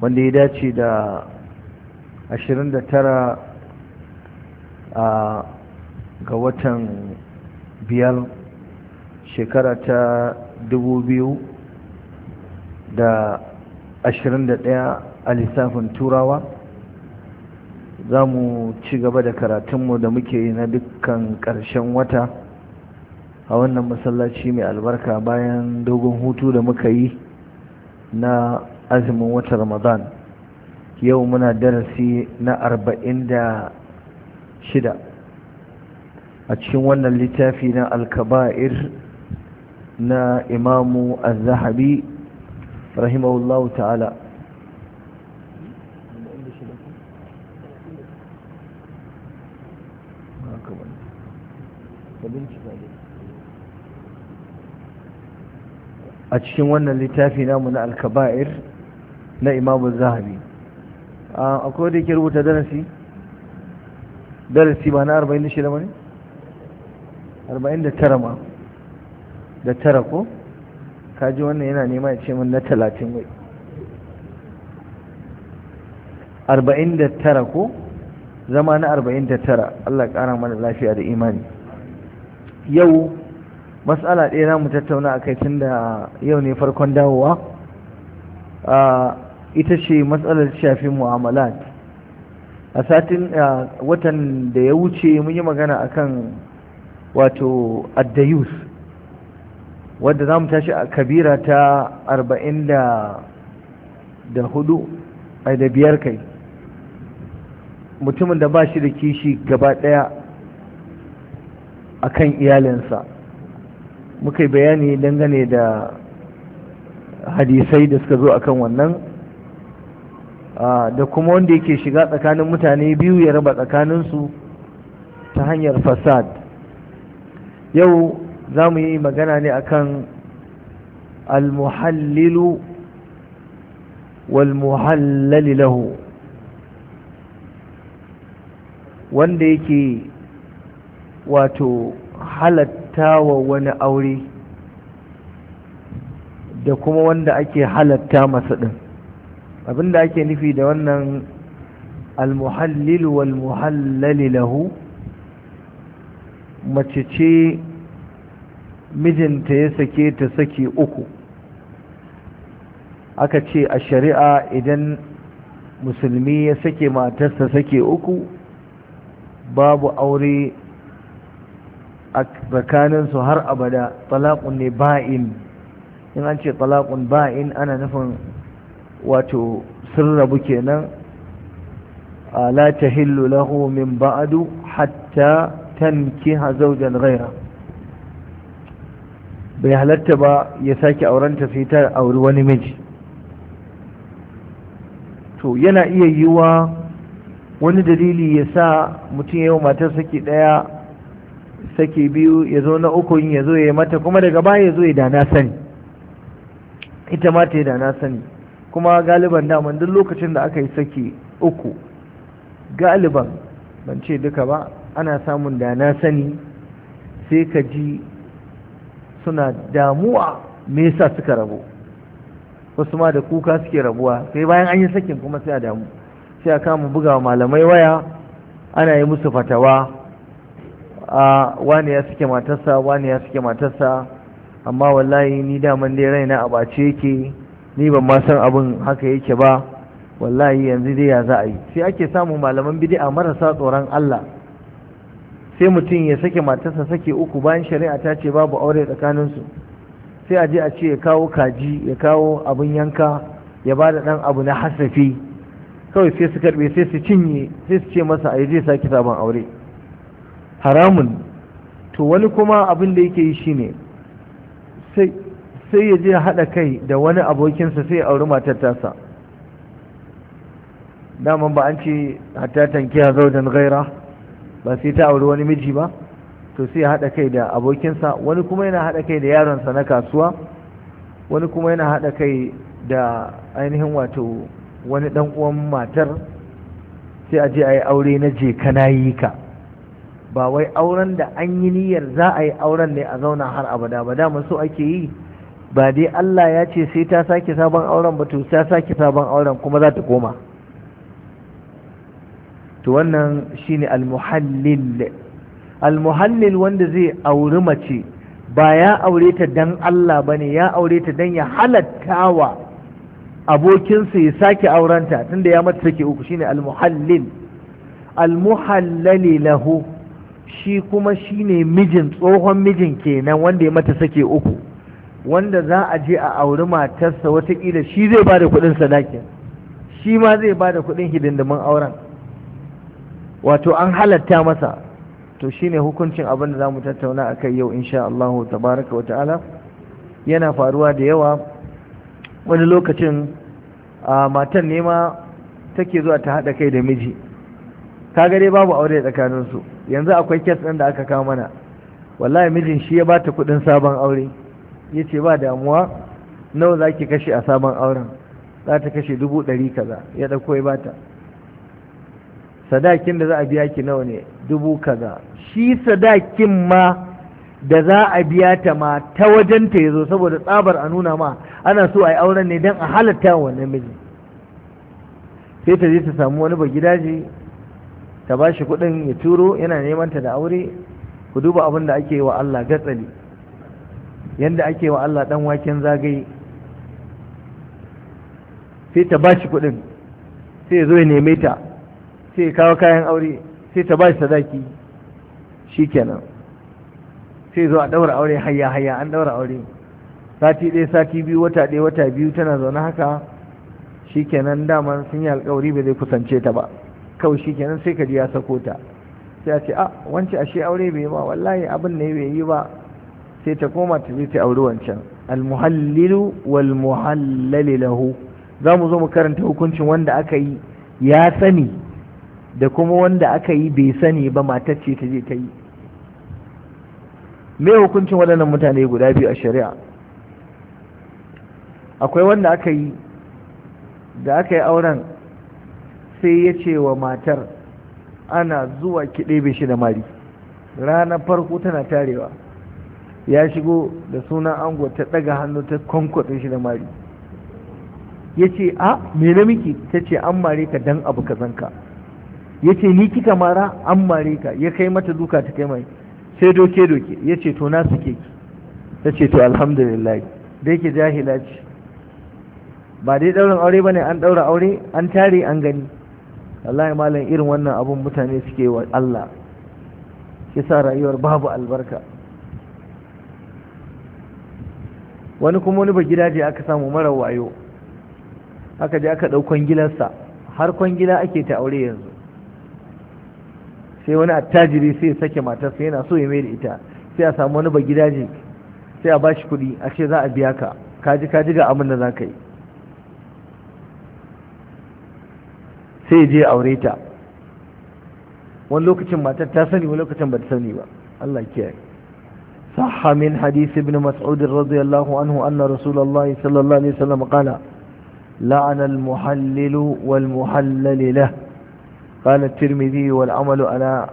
wanda ya dace da 29 a ga watan biyar shekara ta da 2021 a lissafin turawa za mu ci gaba da karatunmu da muke yi na dukkan ƙarshen wata a wannan masallaci mai albarka bayan dogon hutu da muka yi na azumin watan ramadan yau muna darasi na arba'in da shida a cikin wannan littafi na alkaba'ir na imamu al-zahabi rahimahullahu ta'ala a cikin wannan littafi namu na alkaba'ir na imamu zahabi akwai da yake rubuta darasi darasi ba na 46 ba ne? 49 ma da tara ko? kaji wannan yana nema ya ce min na 30 wai 49 ko? zama na 49 Allah ƙara mana lafiya da imani yau matsala ɗaya na mu tattauna a kai tun da yau ne farkon dawowa ita ce matsalar shafi mu'amalat a satin watan da ya wuce mun yi magana akan wato addayus wadda za mu tashi a kabira ta arba'in da hudu a da biyar kai mutumin da ba shi da kishi gaba ɗaya a kan iyalinsa muka yi bayani dangane da hadisai da suka zo kan wannan da kuma wanda yake shiga tsakanin mutane biyu ya raba tsakaninsu ta hanyar fasad yau za mu yi magana ne akan almuhallilu walmuhallali lahu wanda yake wato halat halattawa wani aure da kuma wanda ake halatta masa ɗin abinda ake nufi da wannan almuhallilu walmuhallali muhallali lahu mace ce mijinta ya sake ta sake uku aka ce a shari'a idan musulmi ya sake matarsa sake uku babu aure a tsakaninsu har abada talaqun ne ba'in in an ce talaqun ba'in ana nufin wato sirrabu rabu kenan la tahillu lahu min ba'du hatta tankiha zawjan ghayra bai halatta ba ya sake aurenta sai ta auri wani miji to yana iya yiwa wani dalili ya sa mutum yau matar saki daya Sake biyu ya zo na uku yin ya zo ya mata kuma daga baya ya zo ya dana sani ita ma ta dana sani kuma galiban daman duk lokacin da aka yi saki uku galiban ban ce duka ba ana samun dana sani sai ka ji suna damuwa me yasa suka rabu wasu ma da kuka suke rabuwa sai bayan an yi sakin kuma sai a damu sai a kama buga malamai waya ana yi musu fatawa a wani ya suke matarsa wani ya suke matarsa amma wallahi ni daman dai raina a bace yake ni ban ma san abin haka yake ba wallahi yanzu dai ya za a yi sai ake samun malaman bid'a marasa tsoron Allah sai mutum ya sake matarsa sake uku bayan shari'a ta ce babu aure tsakaninsu sai a je a ce ya kawo kaji ya kawo abin yanka ya ba da ɗan abu na hasafi kawai sai su karbe sai su cinye sai su ce masa a yi zai sake sabon aure haramun to wani kuma abin da yake yi shine sai ya je haɗa kai da wani abokinsa sai auri matar tasa daman ba an ce hatta tankiya zaujan gaira ba sai ta auri wani miji ba to sai ya haɗa kai da abokinsa wani kuma yana haɗa kai da yaronsa na kasuwa wani kuma yana haɗa kai da ainihin wato wani ɗan uwan matar sai a je a yi aure na je kana yi ka ba wai auren da an yi niyyar za a yi auren ne a zauna har abada ba dama so ake yi ba dai Allah ya ce sai ta sake sabon auren ba to ta sake sabon auren kuma za ta koma to wannan shine almuhallil almuhallil wanda zai auri mace ba ya aure ta dan Allah bane ya aure ta dan ya halatta wa abokinsa ya sake aurenta tunda ya mata take uku shine almuhallil almuhallali lahu shi kuma shi ne mijin tsohon mijin kenan wanda ya mata sake uku wanda za a je a auri matarsa watakila shi zai ba da kuɗin sadakin shi ma zai ba da kuɗin hidindimin auren wato an halatta masa to shi ne hukuncin abin da za mu tattauna a kai yau insha Allah tabaraka wa ta'ala yana faruwa da yawa wani lokacin a matan nema take zuwa ta haɗa kai da miji ka gare babu aure tsakaninsu yanzu akwai kes ɗin da aka kawo mana wallahi mijin shi ya bata kuɗin sabon aure ya ce ba damuwa nawa za ki kashe a sabon auren za ta kashe dubu ɗari kaza ya ɗauko ya bata sadakin da za a biya ki nawa ne dubu kaza shi sadakin ma da za a biya ta ma ta wajen ya zo saboda tsabar a nuna ma ana so a yi auren ne don a halatta wannan miji sai ta je ta samu wani ba gidaje ta ba shi kuɗin ya turo yana neman ta da aure ku duba abin da ake wa Allah gatsali yadda ake wa Allah dan waken zagaye sai ta ba shi kuɗin sai ya zo ya neme ta sai ya kawo kayan aure sai ta ba shi sadaki shi kenan sai zo a ɗaura aure hayya hayya an ɗaura aure sati ɗaya sati biyu wata ɗaya wata biyu tana zaune haka shi kenan daman sun yi alkawari ba zai kusance ta ba kawai kenan sai ka ji ya sako ta sai a ce a ah, wance ashe aure bai ba wallahi abin ne bai yi ba sai ta koma ta je ta auri wancan almuhallilu wal za mu zo mu karanta hukuncin wanda aka yi ya sani da kuma wanda aka yi bai sani ba matar ce ta je ta yi me hukuncin waɗannan mutane guda biyu a shari'a akwai wanda aka yi da aka yi auren sai ya ce wa matar ana zuwa ki ɗebe shi da mari ranar farko tana tarewa ya shigo da sunan ango ta ɗaga hannu ta kwankwaɗin shi da mari ya ce a me na miki ta ce an mare ka dan abu ka zanka ya ce ni kika mara an mare ka ya kai mata duka ta kai mai sai doke doke ya ce to na suke ki ta ce to alhamdulillah da yake jahila ce ba dai ɗaurin aure ba ne an ɗaura aure an tare an gani wallahi malam irin wannan abun mutane suke wa Allah shi sa rayuwar babu albarka wani kuma wani ba gidaje aka samu mara wayo aka je aka ɗaukon gilarsa har kwangila ake ta aure yanzu sai wani attajiri sai sake matarsa yana so ya mai da ita sai a samu wani ba gidaje sai a bashi kuɗi a ce za a biya ka kaji kaji ga abin da za ka yi sai je aure ta wani lokacin matar ta sani wani lokacin ba ta sani ba Allah kiyaye صح من حديث ابن مسعود رضي الله عنه أن رسول الله صلى الله عليه وسلم قال لعن المحلل والمحلل له قال الترمذي والعمل على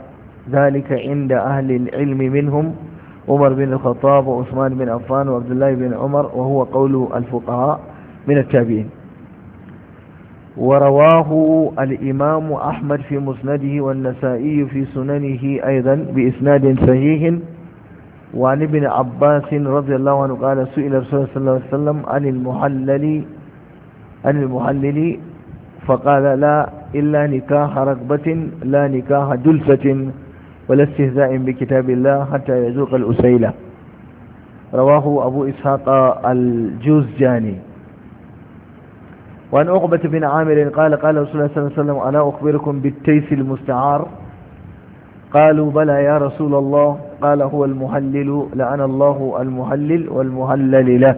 ذلك عند أهل العلم منهم عمر بن الخطاب وعثمان بن عفان وعبد الله بن عمر وهو قول الفقهاء من التابعين ورواه الإمام أحمد في مسنده والنسائي في سننه أيضا بإسناد صحيح وعن ابن عباس رضي الله عنه قال سئل رسول الله صلى الله عليه وسلم عن المحلل عن المحلل فقال لا إلا نكاح رغبة لا نكاح جلسة ولا استهزاء بكتاب الله حتى يذوق الأسيلة رواه أبو إسحاق الجوزجاني وعن عقبة بن عامر قال قال رسول الله صلى الله عليه وسلم ألا أخبركم بالتيس المستعار قالوا بلى يا رسول الله قال هو المهلل لعن الله المهلل والمهلل له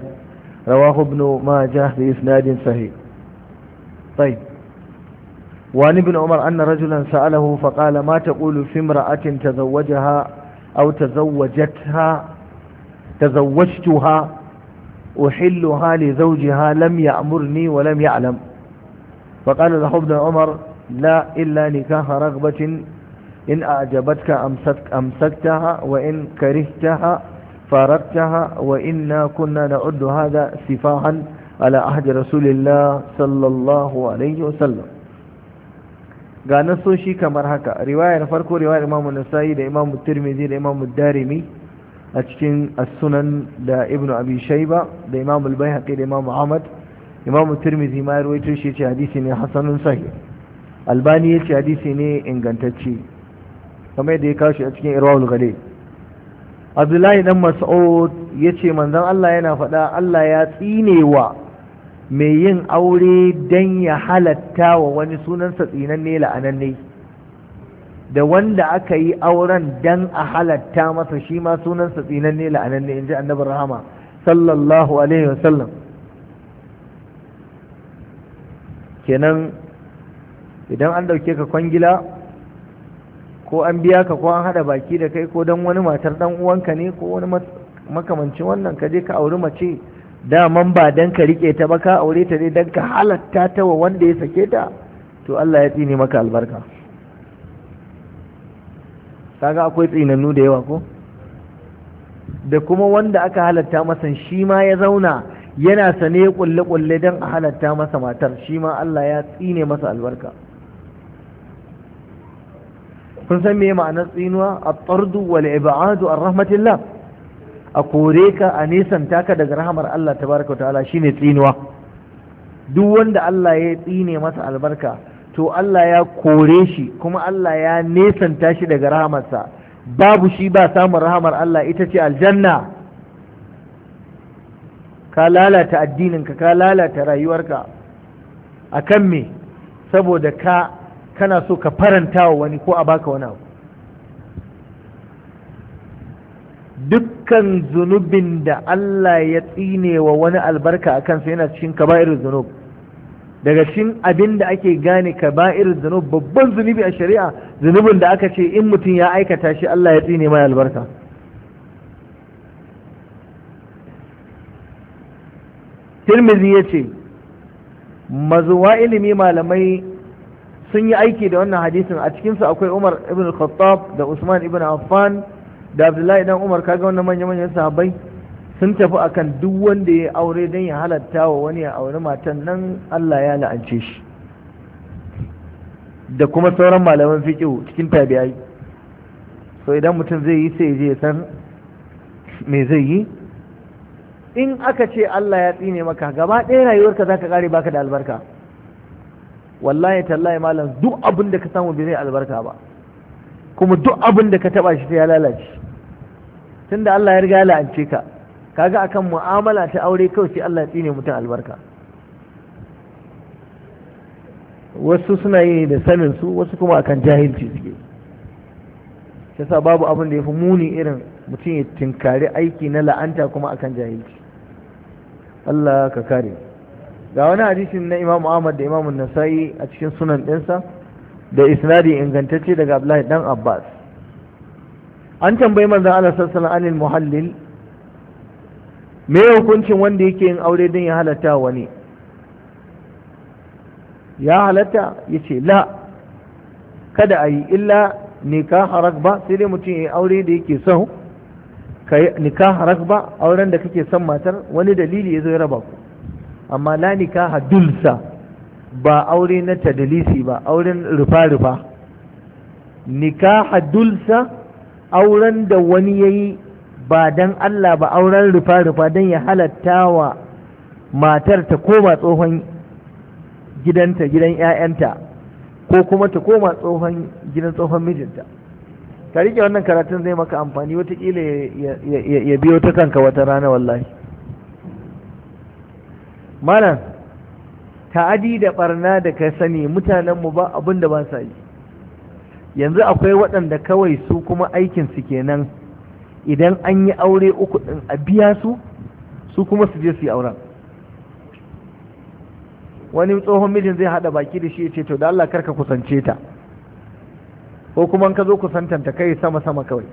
رواه ابن ماجه بإسناد صحيح طيب وعن ابن عمر أن رجلا سأله فقال ما تقول في امرأة تزوجها أو تزوجتها تزوجتها أحلها لزوجها لم يأمرني ولم يعلم فقال له ابن عمر لا إلا نكاح رغبة إن أعجبتك أمسك أمسكتها وإن كرهتها فارقتها وإنا كنا نعد هذا سفاها على عهد رسول الله صلى الله عليه وسلم ga nasoshi kamar haka riwayar farko riwayar imamu nasa'i da imamu tirmidhi da imamu darimi a cikin asunan da ibnu abi Shaiba, da imam al-baihaqi da imam ahmad imam tirmidhi ma rawaito shi ce hadisi ne hasanun sahih albani ya ce hadisi ne ingantacce kamar yadda ya kashi a cikin irwal gale abdullahi dan mas'ud ya ce manzon Allah yana faɗa Allah ya tsinewa mai yin aure dan ya halatta wa wani sunansa tsinanne la'ananne da wanda aka yi auren dan a halatta masa shi ma sunansa tsinanne la'ananne in ji annabi rahama sallallahu alaihi wasallam kenan idan an ɗauke ka kwangila ko an biya ka ko an haɗa baki da kai ko don wani matar ɗan uwanka ne ko wani makamancin wannan ka je ka auri mace daman ba dan ka rike ta ba ka aure ta ne dan ka halatta ta wa wanda ya sake ta to Allah ya tsine maka albarka kaga akwai tsinannu da yawa ko da kuma wanda aka halatta masa shi ma ya zauna yana sane kulle kulle don a halatta masa matar shi ma Allah ya tsine masa albarka kun san me ma'anar tsinuwa a tsardu wal ibadu an rahmatillah a kore ka a nisanta ka daga rahamar Allah tabaraka ta'ala shine tsinuwa duk wanda Allah ya tsine masa albarka to Allah ya kore shi kuma Allah ya nesanta shi daga rahamarsa babu shi ba samun rahamar Allah ita ce aljanna ka lalata addininka ka lalata rayuwarka a kan me saboda ka kana so ka faranta wa wani ko a baka wani abu dukkan zunubin da Allah ya tsine wa wani albarka a kansa yana cikin kaba'irin zunub daga cikin abin da ake gane ka irin zunub babban zunubi a shari'a zunubin da aka ce in mutum ya aikata shi Allah ya tsine mai albarka tirmizi ya ce mazuwa ilimi malamai sun yi aiki da wannan hadisin a cikinsu akwai Umar ibn Khattab da Usman ibn Affan da Abdullahi dan Umar kaga wannan manya-manyan sahabbai sun tafi akan duk wanda ya aure don ya halatta wa wani ya auri matan nan Allah ya la'ance shi da kuma sauran malaman fiƙiu cikin tabi'ai so idan mutum zai yi sai je san me zai yi in aka ce Allah ya tsine maka gaba ɗaya rayuwarka za ka ƙare baka da albarka wallahi tallahi malam duk abin da ka samu bai zai albarka ba kuma duk abin da ka taɓa shi sai ya lalace tunda Allah ya riga ya la'ance ka kaga akan mu'amala ta aure kawai sai Allah ya tsine mutum albarka wasu suna yi da sanin su wasu kuma akan jahilci suke sa babu abin da ya fi muni irin mutum ya tinkari aiki na la'anta kuma akan jahilci Allah ka kare ga wani hadisin na Imam Ahmad da Imam Nasa'i a cikin sunan ɗinsa da isnadi ingantacce daga Abdullahi dan Abbas an tambayi manzon Allah sallallahu alaihi wasallam anil muhallil me hukuncin wanda yake yin aure don ya halatta wani ya halatta ya ce la kada a yi illa nikah ba sai dai mutum ya yi aure da yake son ka nikah ba auren da kake son matar wani dalili ya zo ya raba ku amma la nikah dulsa ba aure na tadalisi ba auren rufa-rufa nikah dulsa auren da wani ya yi ba dan Allah ba auren rufa-rufa don ya halatta wa matar ta koma tsohon gidanta gidan 'ya'yanta ko kuma ta koma tsohon gidan tsohon mijinta ka rike wannan karatun zai maka amfani watakila ya biyo ta kanka wata rana wallahi malam ta'adi da barna da ka sani mutanenmu ba abin da ba sa yi yanzu akwai waɗanda kawai su kuma aikinsu kenan idan an yi aure uku ɗin a biya su su kuma su je su yi auren wani tsohon mijin zai haɗa baki da shi ya ce to da Allah karka kusance ta ko kuma ka zo kusantanta kai sama sama kawai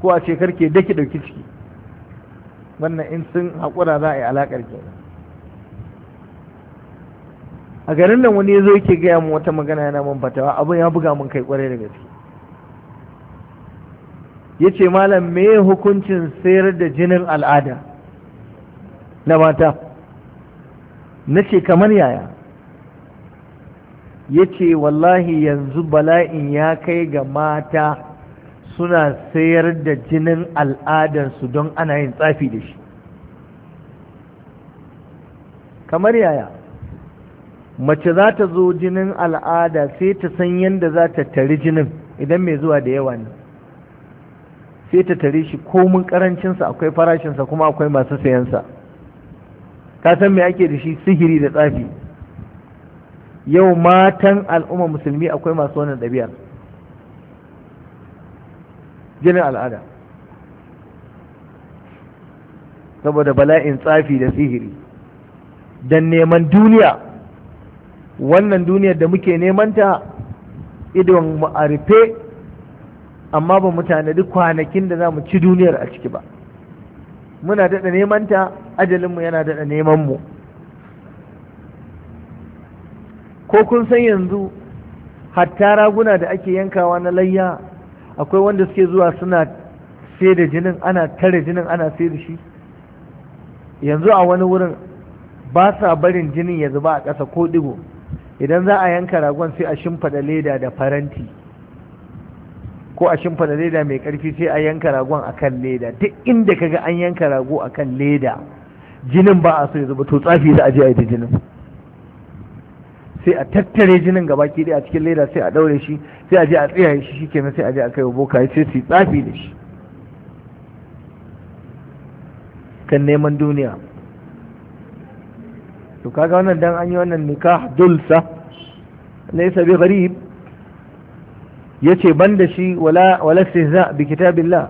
ko a ce karke daki ɗauki ciki wannan in sun haƙura za a yi alaƙar ke a garin nan wani ya zo yake gaya mu wata magana yana mun fatawa abin ya buga mun kai kwarai da gaske ya ce malam me hukuncin sayar da jinin al'ada na mata na ce kamar yaya ya ce wallahi yanzu bala'in ya kai ga mata suna sayar da jinin al'adarsu don ana yin tsafi da shi kamar yaya mace za ta zo jinin al'ada sai ta san yadda za ta tari jinin idan mai zuwa da yawa ne sai ta tare shi komin karancinsa akwai farashinsa kuma akwai masu sayansa ka san mai ake da shi sihiri da tsafi yau matan al'umma musulmi akwai masu wannan ɗabi'ar jinin al'ada saboda bala'in tsafi da sihiri don neman duniya wannan duniyar da muke nemanta idon mu a rufe amma ba mu tanadi kwanakin da za mu ci duniyar a ciki ba muna daɗa neman ta ajalinmu yana daɗa neman mu ko kun san yanzu hatta raguna da ake yankawa na layya akwai wanda suke zuwa suna sai da jinin ana tare jinin ana sai da shi yanzu a wani wurin ba sa barin jinin ya zuba a ƙasa ko ɗigo idan za a yanka ragon sai a shimfiɗa leda da faranti ko a shimfana leda mai karfi sai a yanka ragon a kan leda duk inda ka ga an yanka rago a kan leda jinin ba a so ya zuba to tsafi za a je a yi ta jinin sai a tattare jinin gaba ke a cikin leda sai a daure shi sai a je a tsaya shi kenan sai a je a kai boka sai su tsafi da shi kan neman duniya to kaga wannan dan an yi wannan nikah dulsa laysa bi gharib yace banda shi wala wala istihza bi kitabillah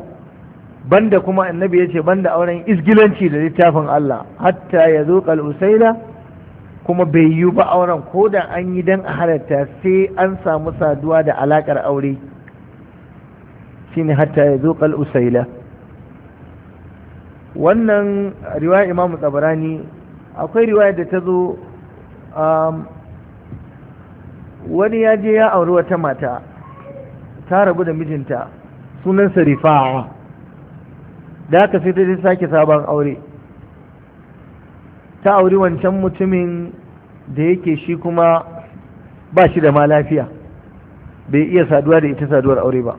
banda kuma annabi yace banda auren isgilanci da littafin Allah hatta yazuqal al-usaila kuma bai yi ba auren ko da an yi dan halatta sai an samu saduwa da alakar aure shine hatta yazuqal al-usaila wannan riwaya Imam Tabarani akwai riwaya da ta zo um, wani ya je ya auri wata mata ta rabu da mijinta sunansa rifa'a da haka sai ta sake sabon aure ta auri wancan mutumin da yake shi kuma ba shi da ma lafiya bai iya saduwa da ita saduwar aure ba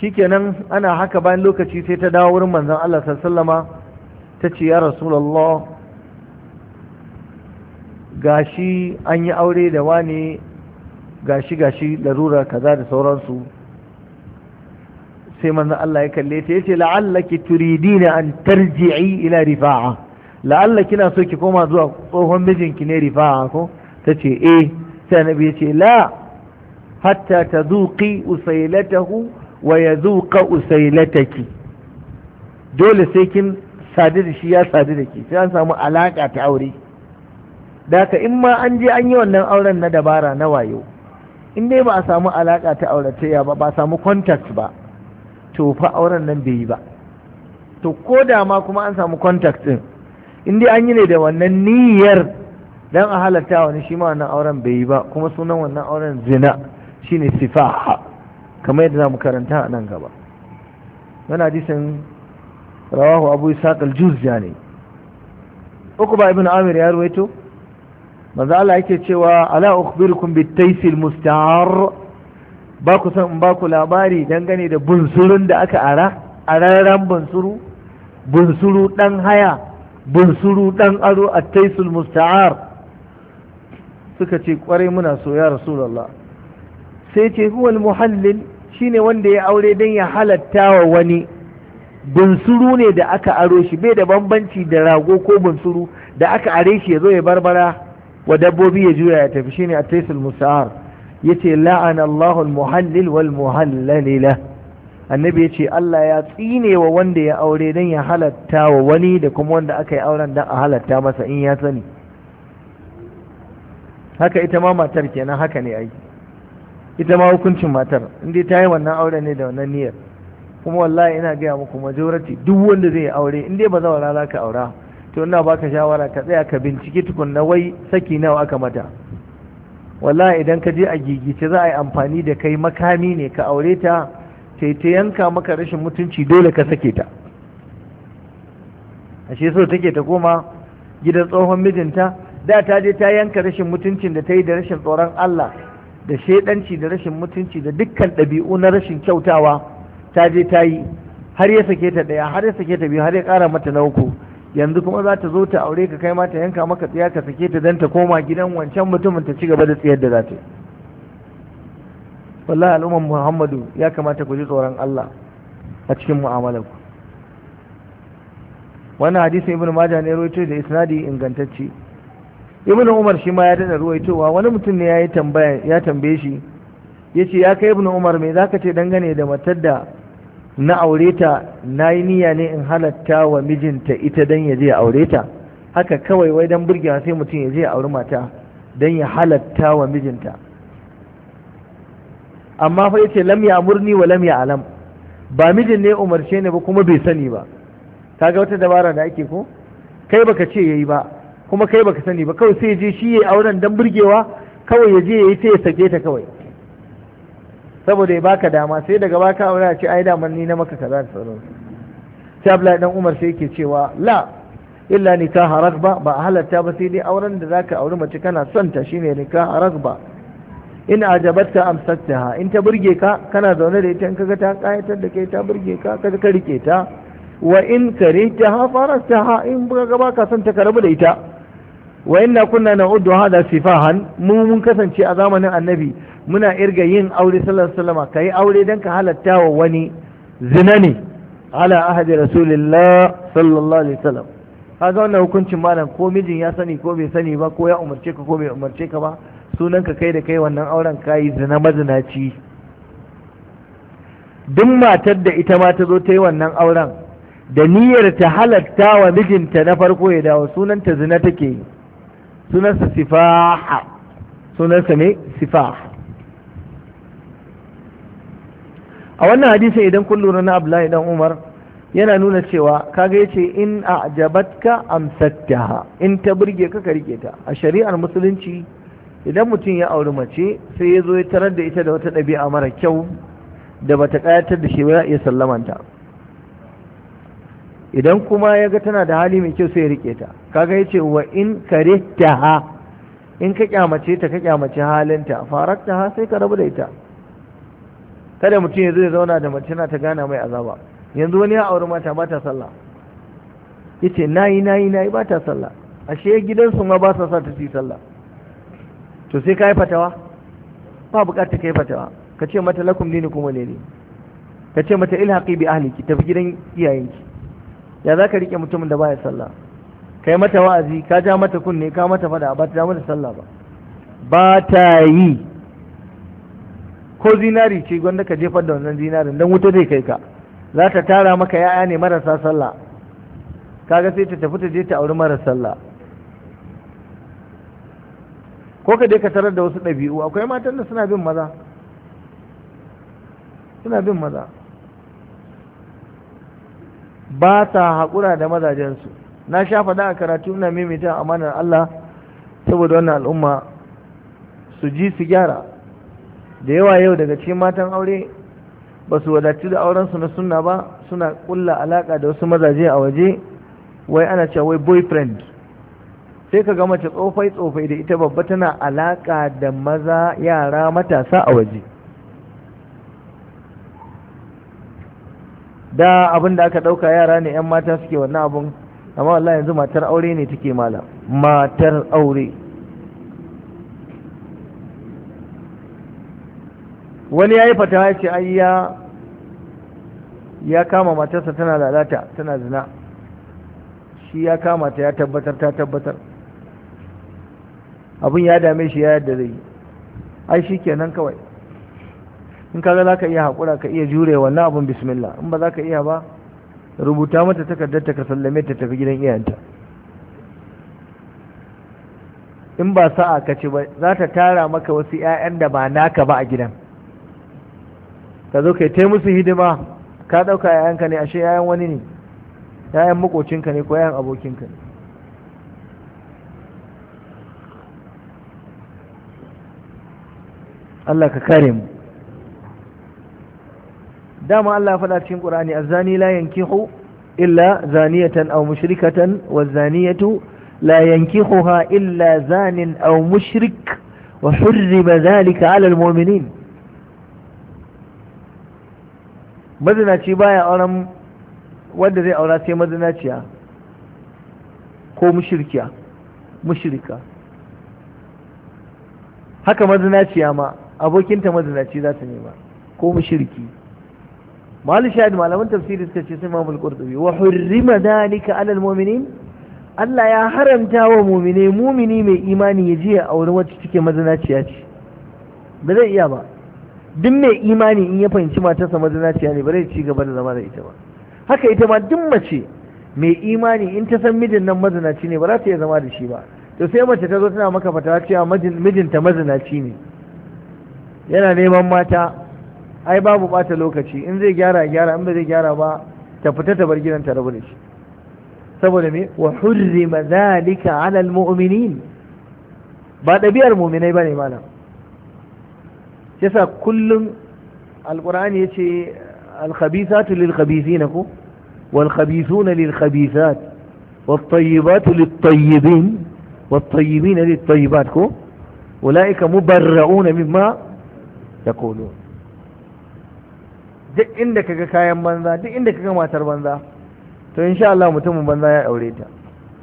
shikenan ana haka bayan lokaci sai ta dawo wurin manzan Allah sallama ta ce ya rasulullah gashi an yi aure da wane gashi gashi larura kaza da sauransu sai manzon Allah ya kalle ta yace la'allaki turidina an tarji'i ila rifa'a la'alla kina so ki koma zuwa tsohon mijinki ne rifa'a ko tace eh sai ya ce la hatta tazuqi usailatahu wa yazuqa usailataki dole sai kin sadu da shi ya sadu da ki sai an samu alaka ta aure da in ma an je an yi wannan auren na dabara na wayo in dai ba a samu alaƙa ta aurataya ba ba a samu contact ba to fa auren nan bai yi ba to ko da ma kuma an samu contact ɗin, in dai an yi ne da wannan niyyar dan a halatta wani shi ma wannan auren bai yi ba kuma sunan wannan auren zina shine sifaha kamar yadda zamu karanta a nan gaba wannan hadisin rawahu abu isaq al-juzjani uku ba ibn amir ya ruwaito maza Allah yake cewa ala ukhbirukum bitaysil musta'ar ba ku san in ba ku labari dangane da bunsurun da aka ara araran bunsuru bunsuru dan haya bunsuru dan aro at taisil musta'ar suka ce kwarai muna so ya rasulullah sai ce huwal muhallil shine wanda ya aure dan ya halatta wa wani bunsuru ne da aka aro shi bai da bambanci da rago ko bunsuru da aka are shi ya zo ya barbara wa dabbobi ya juya ya tafi shine a taisul musa'ar yace la'ana Allahul muhallil wal muhallalila annabi yace Allah ya tsine wa wanda ya aure dan ya halatta wa wani da kuma wanda aka yi auren dan a halatta masa in ya sani haka ita ma matar kenan haka ne ai ita ma hukuncin matar indai ta yi wannan auren ne da wannan niyyar kuma wallahi ina gaya muku majority duk wanda zai aure indai ba zawara za ka aura to ina baka shawara ka tsaya ka binciki tukunna wai saki nawa aka mata wallahi idan ka je a gigice za a yi amfani da kai makami ne ka aure ta ta yanka maka rashin mutunci dole ka sake ta ashe so take ta koma gidan tsohon mijinta da ta je ta yanka rashin mutuncin da ta yi da rashin tsoron Allah da shaidanci da rashin mutunci da dukkan ɗabi'u na rashin kyautawa ta je ta yi har ya sake ta ɗaya har ya sake ta biyu har ya ƙara mata na uku yanzu kuma za ta zo ta aure ka kai mata yanka maka tsiya ka sake ta don ta koma gidan wancan mutumin ta ci gaba da tsiyar da za ta yi wallahi al'ummar muhammadu ya kamata ku ji tsoron Allah a cikin mu'amalar ku wannan hadisin ibn maja ne ruwaito da isnadi ingantacce ibn umar shi ma ya dana ruwaitowa wani mutum ne ya tambaya ya tambaye shi ya ce ya kai ibnu umar me zaka ce dangane da matar da na aure ta na yi niyya ne in halatta wa mijinta ita don ya je ya aure ta haka kawai wai don burgewa sai mutum ya je ya auri mata don ya halatta wa mijinta amma fa yace lam ya murni wa lam ya alam ba mijin ne umarce ne ba kuma bai sani ba kaga wata dabara da ake ko kai baka ce yayi ba kuma kai baka sani ba kawai sai ya je shi yayi auren dan burgewa kawai ya je yayi sai ya sake ta kawai saboda ya baka dama sai daga baka aure a ce ai da ni na maka kaza da sauransu sai Abdullahi dan Umar sai yake cewa la illa nikaha ragba ba halatta ba sai dai auren da za ka auri mace kana son ta shine nikaha ragba in ajabatka amsaktaha in ta burge ka kana zaune da ita in kaga ta kayatar da kai ta burge ka kaga ka rike ta wa in karihtaha farastaha in ba ka son ta karabu da ita wa inna kunna na'uddu hada sifahan mu mun kasance a zamanin annabi muna irga yin aure sallallahu alaihi wasallam kai aure dan ka halatta wa wani zina ne ala ahadi rasulillah sallallahu alaihi wasallam kaga wannan hukuncin malam ko mijin ya sani ko bai sani ba ko ya umarce ka ko bai umarce ka ba sunan ka kai da kai wannan auren kai zina mazinaci duk matar da ita ma ta zo ta yi wannan auren da niyyar ta halatta wa mijinta na farko ya dawo sunanta zina take yi sunansa sifaha sunansa ne sifaha a wannan hadisin idan kun lura na abdullahi dan umar yana nuna cewa kaga yace in a'jabatka amsattaha in ta burge ka ka rike ta a shari'ar musulunci idan mutum ya auri mace sai ya zo ya tarar da ita da wata ɗabi'a mara kyau da bata ƙayatar da shi ba ya iya sallamanta idan kuma ya ga tana da hali mai kyau sai ya rike ta kaga yace wa in karihtaha in ka kyamace ta ka kyamace halinta ha sai ka rabu da ita kada mutum ya zo ya zauna da mace na ta gana mai azaba yanzu wani ya auri mata ba ta sallah yace nayi nayi nayi ba ta sallah ashe gidansu ma ba sa sa ta ci sallah to sai ka yi fatawa ba bukatar ka yi fatawa ka ce mata lakum dini kuma ne ne ka ce mata ilhaqi bi ahliki tafi gidan iyayenki ya za ka riƙe mutumin da baya sallah kai mata wa'azi ka ja mata kunne ka mata fada ba ta ja mata sallah ba ba ta yi ko zinari ce gwanda ka jefar da wannan zinarin don wuta zai kai ka za ta tara maka ya'ya ne marasa sallah kaga sai ta tafi ta je ta auri marar sallah ko ka dai ka tarar da wasu ɗabi'u akwai matan da suna bin maza suna bin maza ba ta haƙura da mazajensu na sha faɗa a karatu na mimita amanar Allah saboda wannan al'umma su ji su gyara da yawa yau daga cikin matan aure ba su wadatu da aurensu na sunna ba suna ƙulla alaƙa da wasu mazaje a waje wai ana cewa wai boyfriend sai ka ga mace tsofai tsofai da ita babba tana alaƙa da maza yara matasa a waje da abin da aka ɗauka yara ne 'yan mata suke wannan abin amma wallahi yanzu matar aure ne take mala matar aure wani ya yi fatawa ya ce ayya ya kama matarsa tana lalata tana zina shi ya kama ta ya tabbatar ta tabbatar abin ya dame shi ya yadda zai ai shi kenan kawai in kaga za ka iya haƙura ka iya jure wannan abun bismillah in ba za ka iya ba rubuta mata takardar ta ka sallame ta tafi gidan iyayenta in ba sa'a ka ce ba za ta tara maka wasu 'ya'yan da ba naka ba a gidan ka zo ka yi musu hidima ka ɗauka 'ya'yanka ne ashe 'ya'yan wani ne 'ya'yan makocinka ne ko 'ya'yan abokinka ne Allah ka kare mu dama Allah faɗa cikin ƙur'ani a zani la yankihu illa zaniyatan aw mushrikatan wa wazaniyatu la yankihuha illa zanin aw mushrik wa hurrima dhalika 'ala muminin. mazinaci baya auren wanda zai aura sai mazinaciya ko mushrikiya mushrika haka mazinaciya ma abokinta mazinaci za ta nema ko mushriki mal shahid malaman tafsiri suka ce sai mamul qurtubi wa hurrima dalika ala almu'minin Allah ya haramta wa mumine mumini mai imani ya je ya auri wacce take mazinaciya ce ba zai iya ba duk mai imani in ya fahimci matarsa mazinaciya ne ba zai ci gaba da zama da ita ba haka ita ma duk mace mai imani in ta san mijin nan mazinaci ne ba za ta iya zama da shi ba to sai mace ta zo tana maka fatawa cewa mijinta mazinaci ne yana neman mata ai babu bata lokaci in zai gyara gyara in ba zai gyara ba ta fita ta bar gidan ta rabu da shi saboda me wa hurrima zalika ala almu'minin ba ɗabi'ar mu'minai bane malam yasa kullum alqur'ani yace alkhabithatu lilkhabithina ko walkhabithuna lilkhabithat wattayyibatu littayyibin wattayyibina littayyibat ko ulaika mubarra'una mimma yaqulun duk inda kaga kayan banza duk inda kaga matar banza to insha Allah mutumin banza ya aure ta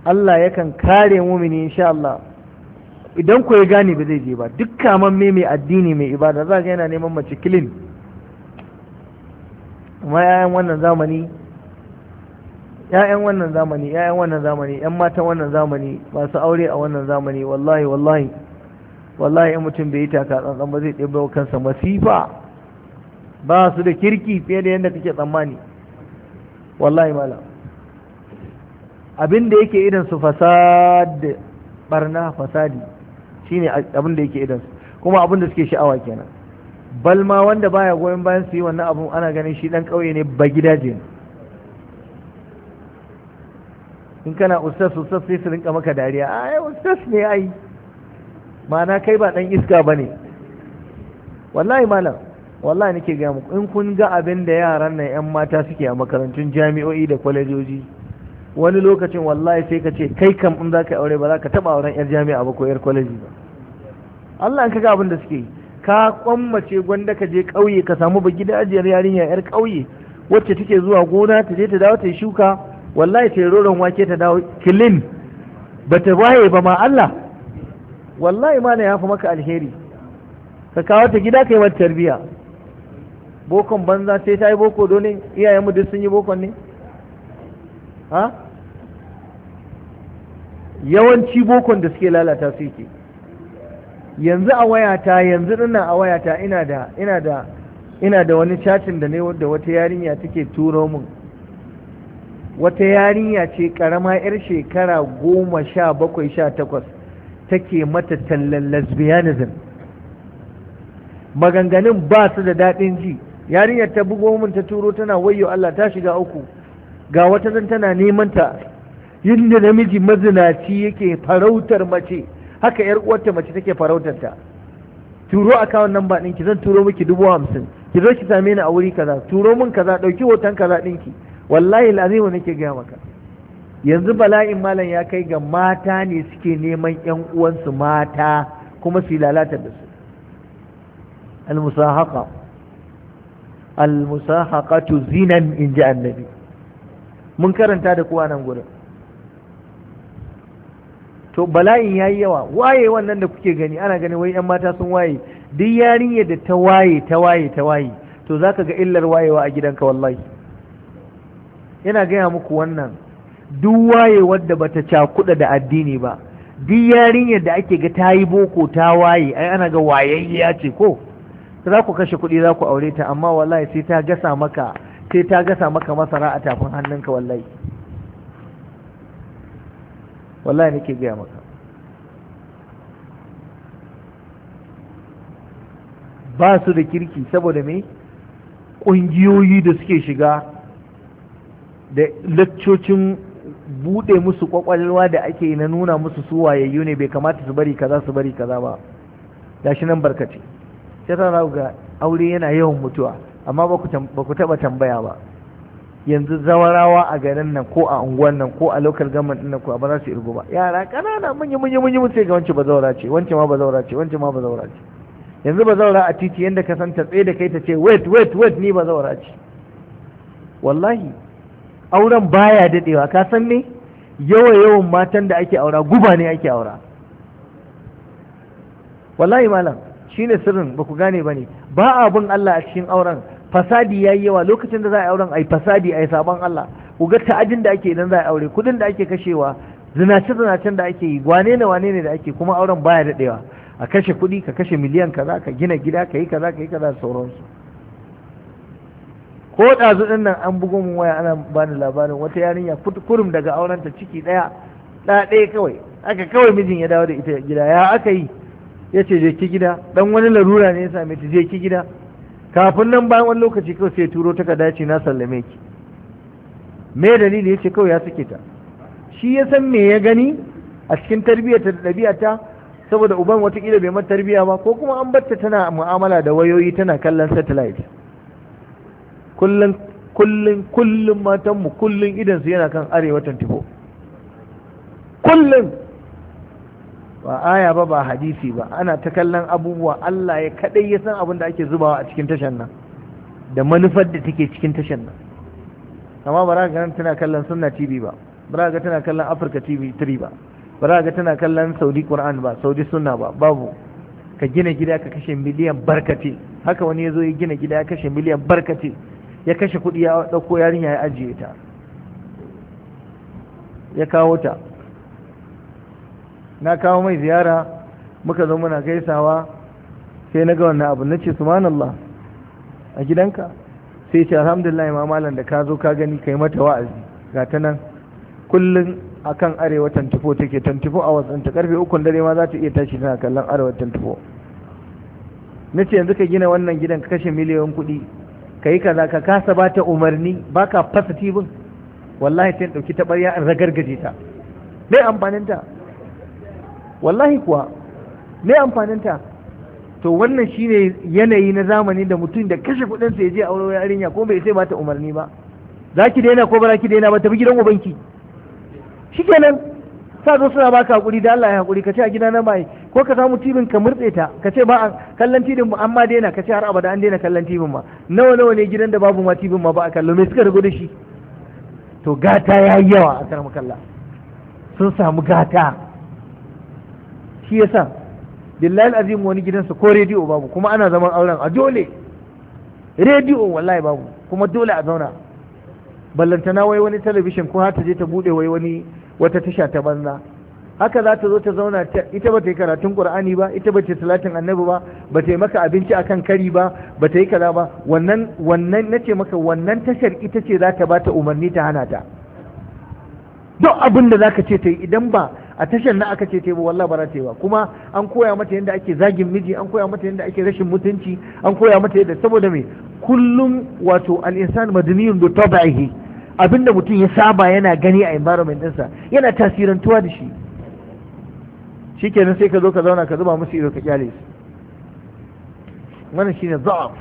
Allah yakan kare mumini insha Allah idan ku ya gane ba zai je ba duk kaman me mai addini mai ibada za ga yana neman mace kilin amma yayan wannan zamani yayan wannan zamani yayan wannan zamani yan matan wannan zamani masu aure a wannan zamani wallahi wallahi wallahi in mutum bai yi taka tsantsan ba zai ɗebo kansa masifa ba su da kirki fiye da yadda kake tsammani wallahi mala abin da yake idan su fasad barna fasadi shine abin da yake idan su kuma abin da suke sha'awa kenan balma wanda baya goyon bayan su yi wannan abu ana ganin shi dan kauye ne ba gidaje in kana ustaz ustaz sai su rinka maka dariya ai ustaz ne ai ma'ana kai ba dan iska bane wallahi malam wallahi nake ga muku in kun ga abin da yaran nan yan mata suke a makarantun jami'o'i da kwalejoji wani lokacin wallahi sai ka ce kai kam in za ka aure ba za ka taba auren yar jami'a ba ko yar kwaleji ba Allah in ka ga abin da suke ka kwammace gwanda ka je ƙauye ka samu ba gida ajiyar yarinya yar ƙauye wacce take zuwa gona ta je ta dawo ta shuka wallahi ta roron wake ta dawo kilin ba ta waye ba ma Allah wallahi ma na yafi maka alheri ka kawo ta gida kai mata tarbiyya bokon banza sai ta yi boko dole iyayenmu duk sun yi bokon ne ha yawanci bokon da suke lalata su yake yanzu a wayata yanzu ina a wayata ina da ina da ina da wani chatin da ne da wata yarinya take turo mun wata yarinya ce karama yar shekara goma sha bakwai sha takwas take mata tallan lesbianism maganganun ba su da daɗin ji yarinyar ta bugo min ta turo tana wayyo Allah ta shiga uku ga wata zan tana neman ta yinda namiji mazinaci yake farautar mace haka yar uwarta mace take farautar ta turo akawun number ba ɗinki zan turo miki dubu hamsin ki zo ki same ni a wuri kaza turo min kaza ɗauki hoton kaza ɗinki wallahi lazima nake gaya maka yanzu bala'in malam ya kai ga mata ne suke neman yan uwansu mata kuma su lalata da su al-musahaqa almusahaqatu zinan in ji annabi mun karanta da kuwa nan gurin to bala'in ya yi yawa waye wannan da kuke gani ana gani wai 'yan mata sun waye duk yarinyar da ta waye ta waye ta waye to za ka ga illar wayewa a gidanka wallahi yana gaya muku wannan duk waye wadda bata cakuda da addini ba duk yarinyar da ake ga ta yi boko ta waye ai ana ga wayayya ce ko za ku kashe kuɗi za ku aure ta amma wallahi sai ta gasa maka sai ta gasa maka masara a tafin hannunka wallahi wallahi nake gaya maka ba su da kirki saboda me ƙungiyoyi da suke shiga da laccocin bude musu kwakwalwa da ake na nuna musu su wayayyu ne bai kamata su bari kaza su bari kaza ba gashi nan barkace sai tara ga aure yana yawan mutuwa amma ba ku taɓa tambaya ba yanzu zawarawa a garin nan ko a unguwan nan ko a lokal government nan ko ba za su irgo ba yara kanana munyi munyi munyi mun ce ga wance zaura ce wance ma zaura ce wance ma zaura ce yanzu zaura a titi yanda ka san ta tsaye da kai ta ce wait wait wait ni zaura ce wallahi auren baya dadewa ka san me yawa yawan matan da ake aura guba ne ake aura wallahi malam shi ne sirrin ba ku gane ba ne ba a abin Allah a cikin auren fasadi ya yi yawa lokacin da za a yi auren a yi fasadi a yi sabon Allah ku ga ta'ajin da ake idan za a yi aure kudin da ake kashewa zinace zinacen da ake yi wane ne wane ne da ake kuma auren baya da daɗewa a kashe kuɗi ka kashe miliyan kaza ka gina gida ka yi kaza ka yi kaza sauransu ko ɗazu ɗin nan an bugo mun waya ana bani labarin wata yarinya kurum daga aurenta ciki ɗaya ɗaya ɗaya kawai aka kawai mijin ya dawo da ita gida ya aka yi ya ce je ki gida dan wani larura ne ya same ta je ki gida kafin nan bayan wani lokaci kawai sai turo ta ce na sallame ki me dalili ya ce kawai ya sake ta shi ya san me ya gani a cikin tarbiyyar ta da ɗabi'ata saboda uban watakila bai mata tarbiyya ba ko kuma an batta tana mu'amala da wayoyi tana kallon satellite kullum kullum kullum matanmu kullum idan su yana kan arewa 24 kullum ba aya ba ba hadisi ba ana ta kallon abubuwa Allah ya kadai ya san abin da ake zubawa a cikin tashan nan da manufar da take cikin tashan nan amma ba za ga tana kallon sunna tv ba ba za ga tana kallon africa tv 3 ba ba za ga tana kallon saudi qur'an ba saudi sunna ba babu ka gina gida ka kashe miliyan barkate haka wani ya zo ya gina gida ya kashe miliyan barkate ya kashe kuɗi ya ɗauko yarinya ya ajiye ta ya kawo ta na kawo mai ziyara muka zo muna gaisawa sai na ga wannan abu na ce subhanallah a gidanka sai ce alhamdulillah ma malam da ka zo ka gani kai mata wa'azi ga ta nan kullum akan arewa 24 take a wasu ɗinta karfe ukun dare ma za ta iya tashi tana kallon arewa 24 na ce yanzu ka gina wannan gidan ka kashe miliyoyin kuɗi ka yi kaza ka kasa ba ta umarni ba ka fasa tibin wallahi sai ɗauki taɓarya in ragargaje ta mai amfanin ta wallahi kuwa me amfaninta to wannan shine yanayi na zamani da mutum da kashe kuɗinsa ya je aure yarinya ko bai sai ba ta umarni ba za ki daina ko ba za ki daina ba tafi gidan ubanki shikenan sa zo suna baka hakuri da Allah ya hakuri ka ce a gidana mai ko ka samu tibin ka murtse ta ka ce ba kallon tibin mu an ma daina ka ce har abada an daina kallon tibin ma nawa nawa ne gidan da babu ma tibin ma ba a kallo me suka rigo da shi to gata ya yi yawa a karamar kalla sun samu gata shi sa, billahi azim wani gidansa ko rediyo babu kuma ana zaman auren a dole rediyo wallahi babu kuma dole a zauna ballantana wai wani talabishin ko har ta je ta bude wai wani wata tasha ta banza haka za ta zo ta zauna ita ba ta yi karatun qur'ani ba ita ba ta yi salatin annabi ba ba ta yi maka abinci akan kari ba ba ta yi kaza ba wannan wannan nace maka wannan tashar ita ce za ta ba ta umarni ta hana ta duk abin da za ka ce ta yi idan ba a tashar na aka ce tebo wallah bara ta ba kuma an koya mata yadda ake zagin miji an koya mata yadda ake rashin mutunci an koya mata yadda saboda me kullum wato al-insan madaniyun bi tabihi abinda mutum ya saba yana gani a environment ɗinsa yana tasirantuwa da shi shikenan sai ka zo ka zauna ka zuba musu ido ka kyale su wannan shine za'af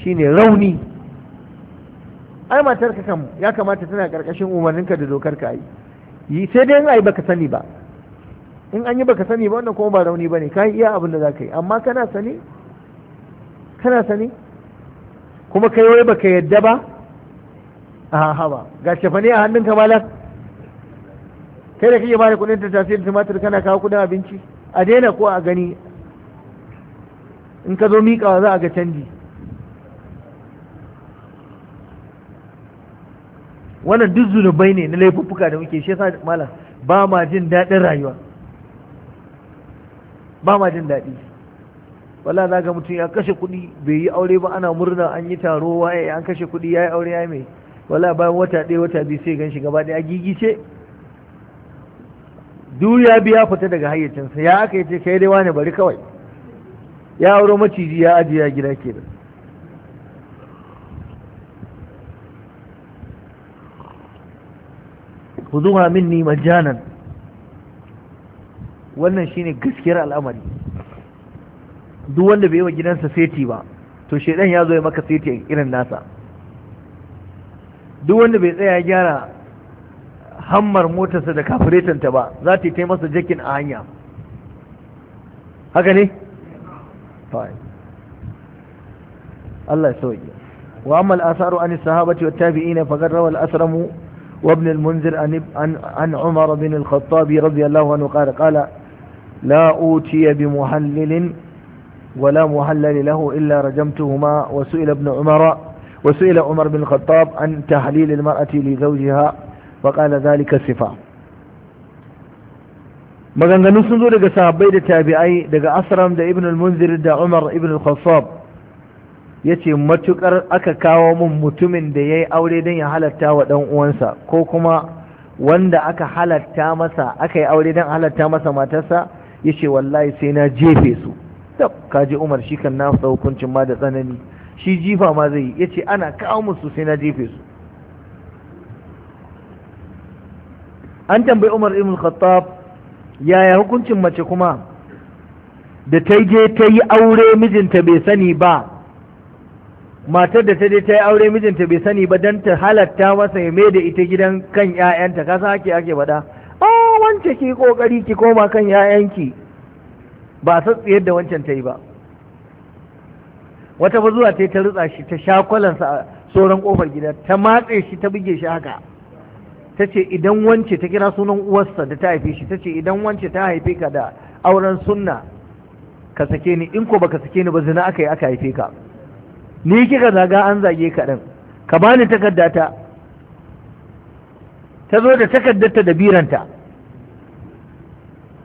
shine rauni ai matar ka kam ya kamata tana karkashin umarninka da dokar ka yi yi sai dai in ai baka sani ba in an yi baka sani ba wannan kuma ba rauni bane kai iya abin da zaka yi amma kana sani kana sani kuma kai wai baka yadda ba a haba ga shafani a hannunka malam kai da kake bada kudin tattasai da tumatir kana kawo kudin abinci a daina ko a gani in ka zo miƙawa za a ga canji wannan duk zunubai ne na laifuffuka da muke shi mala malam ba ma jin daɗin rayuwa ba ma jin daɗi wala za ga mutum ya kashe kuɗi bai yi aure ba ana murna an yi taro waye an kashe kuɗi ya yi aure ya mai wala bayan wata ɗaya wata biyu sai gan shi gaba ɗaya ce duk ya biya fita daga hayyacinsa ya aka yi ce kai dai wani bari kawai ya auro maciji ya ajiye gida kenan khudhuha minni majanan wannan shine gaskiyar al'amari duk wanda bai yi wa gidansa seti ba to shedan ya zo ya maka seti irin nasa duk wanda bai tsaya gyara hammar motarsa da kafiretanta ba za ta yi masa jakin a hanya haka ne? Allah ya sauke wa amma al'asaru an sahabati wa tabi'ina faqad rawa al-asramu وابن المنذر عن, عن عمر بن الخطاب رضي الله عنه قال قال لا أوتي بمحلل ولا محلل له إلا رجمتهما وسئل ابن عمر وسئل عمر بن الخطاب عن تحليل المرأة لزوجها وقال ذلك صفة maganganu sun zo daga sahabbai da tabi'ai daga asram da ibn al-munzir da umar ibn al-khattab ya ce matuƙar aka kawo min mutumin da ya yi aure don ya halatta wa ɗan uwansa ko kuma wanda aka halatta masa aka yi aure don halatta masa matarsa ya ce wallahi sai na jefe su tab kaji umar shi kan na hukuncin ma da tsanani shi jifa ma zai yi ya ce ana kawo musu sai na jefe su an tambayi umar ibn khattab yaya hukuncin mace kuma da ta je ta yi aure mijinta bai sani ba matar da ta je ta yi aure mijinta bai sani ba don ta halatta masa ya mai da ita gidan kan 'ya'yanta ka sa ake ake faɗa a oh, wance ki kokari ki koma kan 'ya'yanki ba a tsatsiyar da wancan ta yi ba wata ba zuwa ta ta rutsa shi ta sha kwalansa a tsoron kofar gida ta matse shi ta buge shi haka ta ce idan wance ta kira sunan uwarsa da ta haife shi ta ce idan wance ta haife ka da auren sunna ka sake ni in ko baka sake ni ba zina aka yi aka haife ka ni kika zaga an zage ka ɗin ka bani takardata ta zo da takardarta da biranta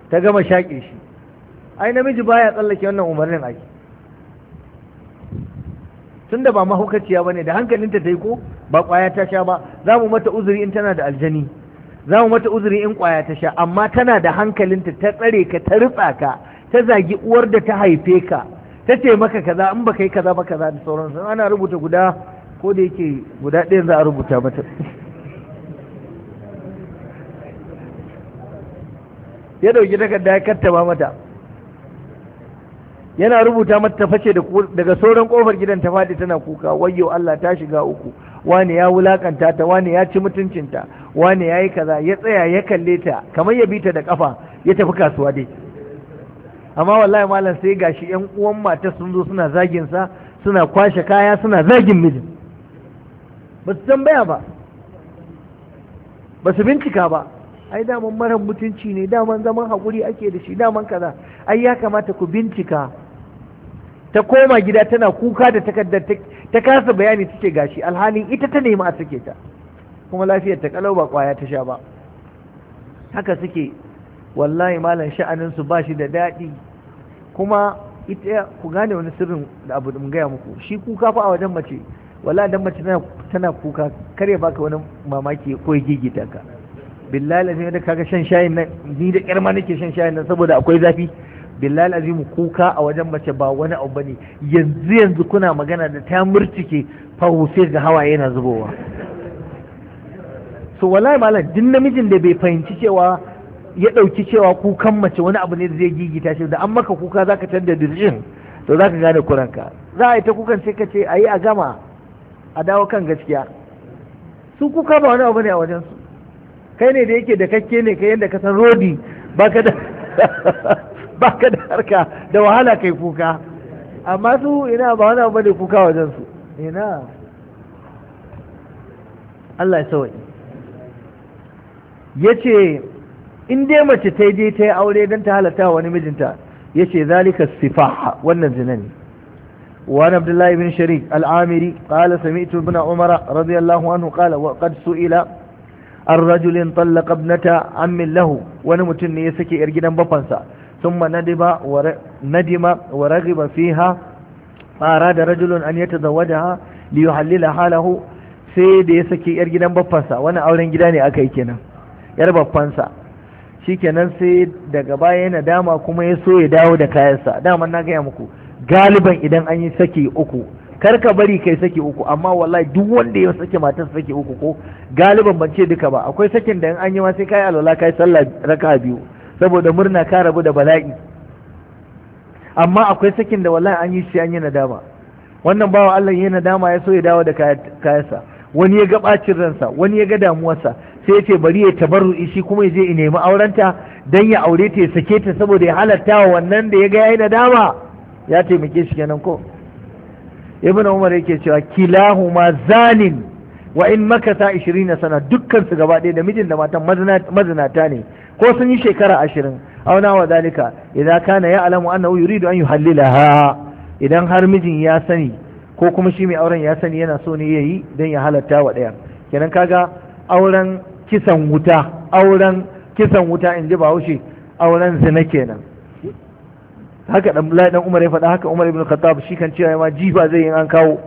ta gama shaƙe shi ai namiji baya tsallake wannan umarnin aiki tun da ba mahaukaciya ba ne da hankalinta ta yi ko ba ƙwaya ta sha ba za mu mata uzuri in tana da aljani za mu mata uzuri in ƙwaya ta sha amma tana da hankalinta ta tsare ka ta ritsa ka ta zagi uwar da ta haife ka ta ce maka kaza in baka yi kaza ba kaza da sauransu ana rubuta guda ko da yake guda ɗaya za a rubuta mata ya dauki takarda ya kattaba mata yana rubuta mata ta fashe daga sauran kofar gidan ta faɗi tana kuka wayyo Allah ta shiga uku wani ya wulakanta ta wani ya ci mutuncinta wani ya yi kaza ya tsaya ya kalle ta kamar ya bi ta da kafa ya tafi kasuwa dai amma wallahi malam sai gashi yan uwan mata sun zo suna zagin sa suna kwashe kaya suna zagin mijin ba su tambaya ba ba su bincika ba ai daman marar mutunci ne daman zaman haƙuri ake da shi daman kaza ai ya kamata ku bincika ta koma gida tana kuka da takardar ta kasa bayani take gashi alhalin ita ta nemi a sake ta kuma lafiyar ta kalau ba kwaya ta sha ba haka suke wallahi malam sha'anin su shi da daɗi kuma ita ku gane wani sirrin da abu da gaya muku shi kuka fa a wajen mace wala dan mace tana tana kuka kare baka wani mamaki ko gigita ka billahi lazim da kaga shan shayin nan ni da kyar ma nake shan shayin nan saboda akwai zafi billahi lazim kuka a wajen mace ba wani abu bane yanzu yanzu kuna magana da ta murtike fa sai ga hawaye yana zubowa so wallahi malam duk namijin da bai fahimci cewa ya ɗauki cewa kukan mace wani abu ne da zai gigita shi da an maka kuka zaka canza dirjin to zaka gane kuranka za a yi ta kukan sai ka ce a yi a gama a dawo kan gaskiya su kuka ba wani abu ne a wajen su kai ne da yake da kakke ne kai yadda ka san rodi baka da baka da harka da wahala kai kuka amma su ina ba wani abu ne kuka wajen su ina Allah ya ya ce. in dai mace ta je ta yi aure don ta halatta wani mijinta ya ce zalika sifaha wannan zina ne وعن عبد الله بن شريك العامري قال سمعت ابن عمر رضي الله عنه قال وقد سئل الرجل طلق ابنة عم له ونمتن يسكي ارجدا ببنسا ثم ندم ندم ورغب فيها فأراد رجل أن يتزوجها ليحلل حاله sai da ya saki yar gidan baffansa wani auren gida ne aka yi kenan yar baffansa shikenan sai daga baya yana dama kuma ya so ya dawo da kayansa dama na gaya muku galiban idan an yi saki uku kar ka bari kai saki uku amma wallahi duk wanda ya sake matar saki uku ko galiban ban ce duka ba akwai sakin da an yi ma sai kai alwala kai sallah raka biyu saboda murna ka rabu da bala'i amma akwai sakin da wallahi an yi shi an yi nadama wannan bawa Allah ya dama ya so ya dawo da kayansa wani ya ga bacin ransa wani ya ga damuwarsa sai ce bari ya tabarru shi kuma ya je ya nemi aurenta dan ya aure ta ya sake ta saboda ya halatta wa wannan da ya ga yayi nadama ya taimake shi kenan ko ibn umar yake cewa kilahuma zanin wa in makasa 20 sana dukkan su gaba ɗaya da mijin da matan mazinata ne ko sun yi shekara ashirin auna wa zalika idan kana ya alamu annahu yuridu an yuhallilaha idan har mijin ya sani ko kuma shi mai auren ya sani yana so ne yayi dan ya halatta wa ɗaya kenan kaga auren kisan wuta auren kisan wuta in ji bahaushe auren zina kenan haka dan dan Umar ya faɗa haka Umar ibn Khattab shi kan cewa ma jifa zai yi an kawo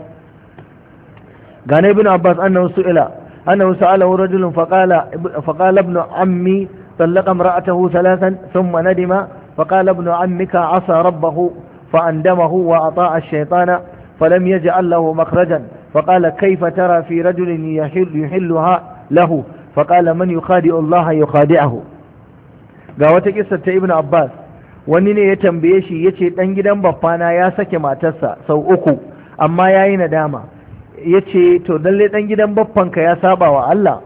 gane ibn Abbas annahu su'ila annahu sa'ala rajulun faqala faqala ibn ammi طلق امرأته ثلاثا ثم ندم فقال ابن عمك عصى ربه فأندمه وأطاع الشيطان فلم يجعل له مخرجا فقال كيف ترى في رجل يحل يحلها له faƙala man yukhadi'u Allah yukhadi'ahu ga wata kissar ta Ibn Abbas wani ne ya tambaye shi yace dan gidan na ya sake matarsa sau uku amma yayi nadama yace to lalle ɗan gidan baffanka ya saba wa Allah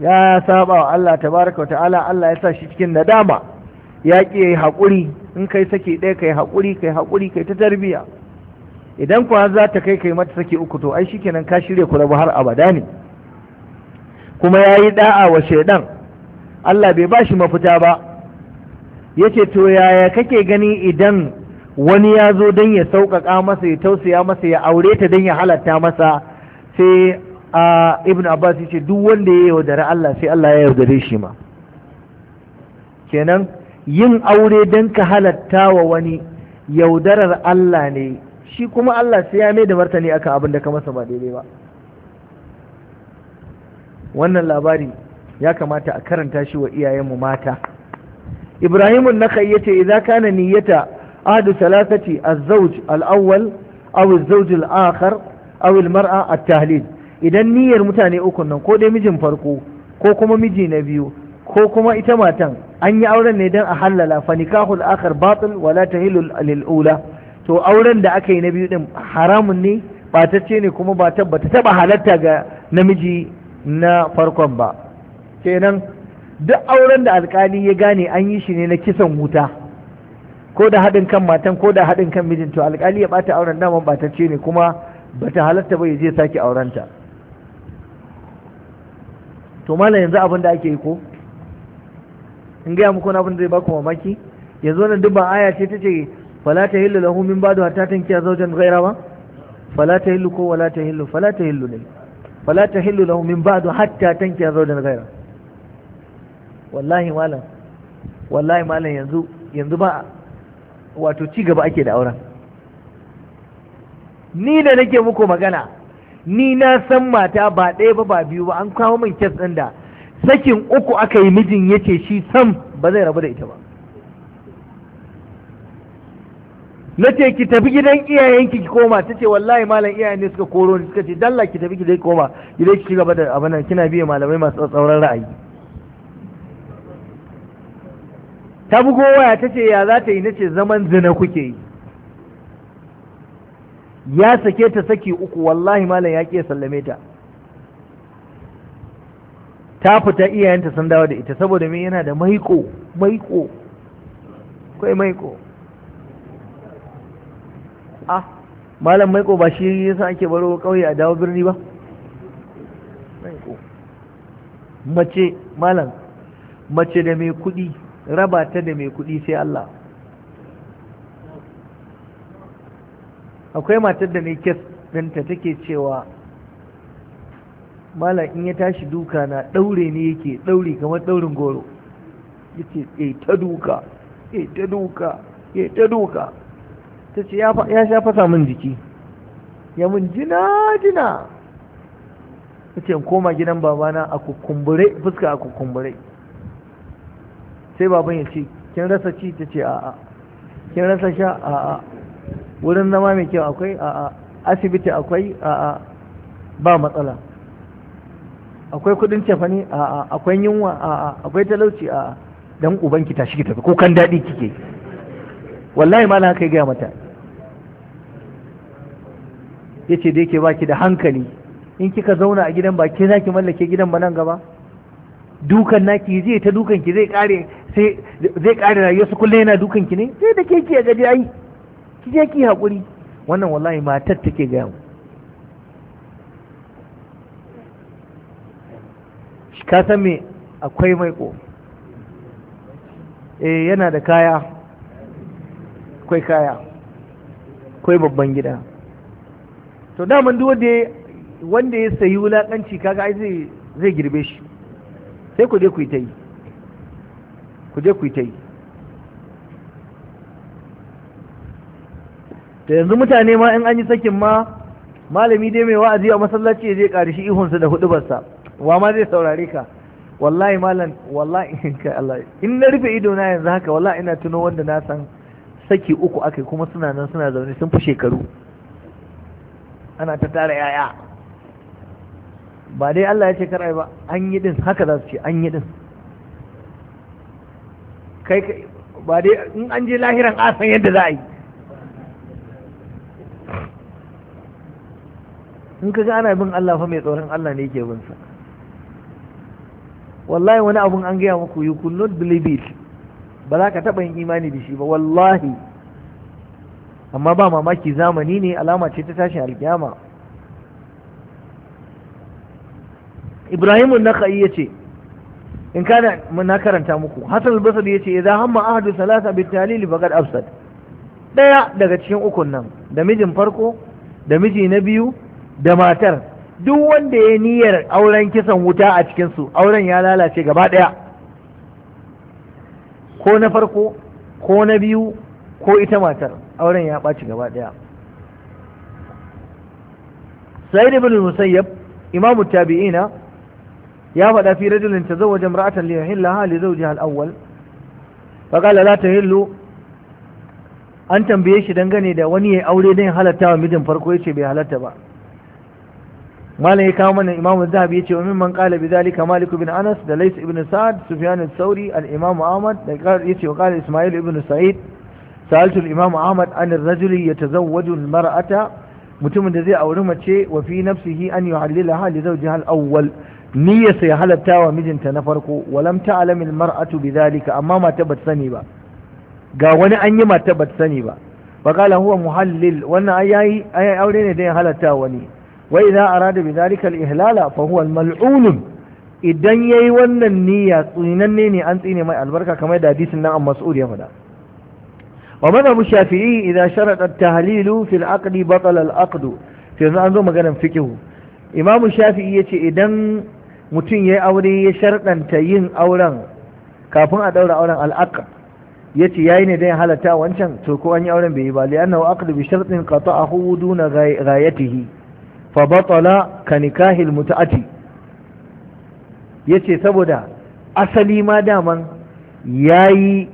ya saba wa Allah tabaraka ta'ala Allah ya sa shi cikin nadama ya ki yayi hakuri in kai sake ɗaya kai hakuri kai hakuri kai ta tarbiya idan kuwa za ta kai kai mata sake uku to ai shikenan ka shirya ku rabu har abada ne kuma ya yi da'a wa shaidan Allah bai ba shi mafita ba ya ce to yaya kake gani idan wani ya zo don ya sauƙaƙa masa ya tausaya masa ya aure ta don ya halatta masa sai a ibn abbas ya ce duk wanda ya yaudare Allah sai Allah ya yaudare shi ma kenan yin aure don ka halatta wa wani yaudarar Allah ne shi kuma Allah sai ya mai da martani aka abin da ka masa ba daidai ba wannan labari ya kamata a karanta shi wa iyayenmu mata ibrahimun nakai yace idza kana niyyata ahadu salasati az-zawj al-awwal aw az-zawj al-akhar aw al-mar'a at-tahlil idan niyyar mutane uku nan ko dai mijin farko ko kuma miji na biyu ko kuma ita matan an yi auren ne dan a halala fa nikahul akhar batil wala tahilu lil ula to auren da aka yi na biyu din haramun ne batacce ne kuma ba tabbata taba halatta ga namiji na farkon ba kenan duk auren da alkali ya gane an yi shi ne na kisan wuta ko da haɗin kan matan ko da haɗin kan mijin to alkali ya ɓata auren daman ce ne kuma bata halatta ba ya je sake aurenta to mala yanzu abin da ake yi ko in gaya muku abin da zai baku mamaki yanzu wannan duk ba aya ce ta ce fala ta hillu lahu min ba'du hatta tankiya zaujan ghayra ba fala ta hillu ko wala ta hillu fala ta hillu ne fala tahillu lahu min ba'du hatta tankiya zawjan ghayra wallahi malam wallahi malam yanzu yanzu ba wato ci gaba ake da auren ni da nake muku magana ni na san mata ba ɗaya ba ba biyu ba an kawo min kes ɗin da sakin uku aka yi mijin yace shi sam ba zai rabu da ita ba na ce ki tafi gidan iyayenki ki koma ta ce wallahi malam iyayen ne suka koro ni suka ce dalla ki tafi gidan ki koma gidan ki gaba da abin nan kina biye malamai masu tsauran ra'ayi ta bugo waya ta ce ya za ta yi na ce zaman zina kuke yi ya sake ta saki uku wallahi malam ya ƙi sallame ta ta fita iyayenta sun dawo da ita saboda me yana da maiko maiko akwai maiko a malam maiko ba shi yi sa ake baro kawai a dawo birni ba mace malam mace da mai kudi raba ta da mai kudi sai Allah akwai matar da ne kes ɗinta take cewa malam in ya tashi duka na ɗaure ne yake daure, kamar ɗaurin goro yake eh, ta duka eh, ta duka eh, ta duka ta ce ya sha fasa min jiki ya mun jina-jina ta ce koma gidan babana a kukumbure fuska a kukumbure sai baban ya ce kin rasa ci ta ce a'a kin rasa sha a'a wurin zama mai kyau akwai a'a asibiti akwai a'a ba matsala akwai kudin cefane a'a akwai yunwa a'a akwai talauci a'a dan ubanki tashi ki tafi ko kan daɗi kike wallahi ma na kai gaya mata ce da yake ki da hankali in kika zauna a gidan ba ke zaki mallake gidan ba nan gaba dukan naki zai ta dukan ki zai kare sai zai kare rayuwar su kullum yana dukan ki ne sai da ke ki a gadi ai ki je ki hakuri wannan wallahi matar take ga mu ka san me akwai mai ko eh yana da kaya akwai kaya akwai babban gida to daman duk wanda wanda ya sayi wulakanci kaga ai zai zai girbe shi sai ku je ku yi ta yi ku je ku yi ta yi Da yanzu mutane ma in an yi sakin ma malami dai mai wa'azi a masallaci ya je shi ihunsa da barsa wa ma zai saurare ka wallahi malam wallahi in ka Allah in na rufe ido na yanzu haka wallahi ina tuno wanda na san saki uku akai kuma suna nan suna zaune sun fi shekaru ana ta tara yaya ba dai Allah ya ce kar ba an yi din haka za su ce an yi din kai ba dai in an je lahiran a san yadda za a yi in ka ga ana bin Allah fa mai tsoron Allah ne yake bin sa wallahi wani abun an gaya muku you could not believe it ba za ka taɓa yin imani da shi ba wallahi amma ba mamaki zamani ne alama ce ta tashin alkiyama na ka'i ya ce in da na karanta muku hasan albasar ya ce idan hamma ahadu salasa bi talili bagad absad daya daga cikin ukun nan da mijin farko da miji na biyu da matar duk wanda ya niyyar auren kisan wuta a cikinsu auren ya lalace gaba daya ko na farko ko na biyu ko ita matar auren ya ɓaci gaba ɗaya sa'id ibn musayyab imamu tabi'ina ya faɗa fi rajulin tazawwaja imra'atan li yuhillaha li zau jihar awwal faƙala qala ta tahillu an tambaye shi dangane da wani ya aure don halatta wa mijin farko ya ce bai halatta ba malam ya kawo mana imamu zahabi ce wa mimman ƙala bi zalika maliku bin anas da lays ibn sa'ad sufyan al al-imam ahmad da ce wa ƙala isma'il ibn sa'id sa'altu imam ahmad an ar-rajuli yatazawwaju al-mar'ata mutumin da zai auri mace wa fi nafsihi an yuhallilaha li zawjiha al-awwal niyyarsa ya halatta wa mijinta na farko walam ta'lam al-mar'atu bidhalika amma mata bata sani ba ga wani an yi mata bata sani ba fa qala huwa muhallil wannan ayayi ayayi aure ne da ya halatta wani wa idza arada bidhalika al-ihlala fa huwa al-mal'un idan yayi wannan niyya tsinanne ne an tsine mai albarka kamar da hadisin nan an mas'ud ya faɗa ومذهب الشافعي إذا شرط التهليل في العقد بطل العقد في أنظر مغانا فكه إمام الشافعي يتي إذن متين يأوري يشرطا تيين أولا كافون أدور أولا العقد yace yayi ne dan halatta wancan to ko an yi auren bai yi ba li'annahu aqdu bi shartin qata'ahu duna ghayatihi fa batala ka nikahi almutaati yace saboda asali ma daman yayi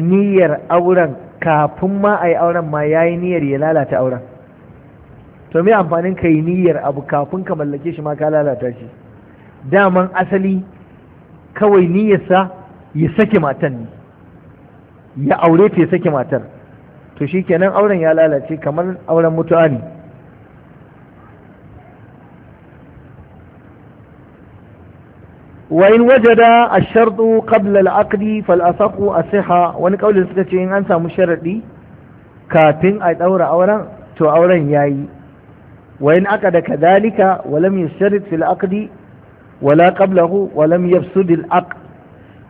niyyar auren kafin ma a yi auren ma ya yi niyyar ya lalata auren to me amfanin ka yi niyyar abu kafin ka mallake shi ma ka lalata shi daman asali kawai niyyarsa ya sake matan ne ya aure ta ya sake matar to shi kenan auren ya lalace kamar auren mutuwa ne وإن a الشرط قبل العقد فالأصح الصحة wani kaulin suka ce in an samu sharaɗi kafin a daura auren to auren yayi وإن عقد كذلك ولم يشترط في العقد ولا قبله ولم يفسد العقد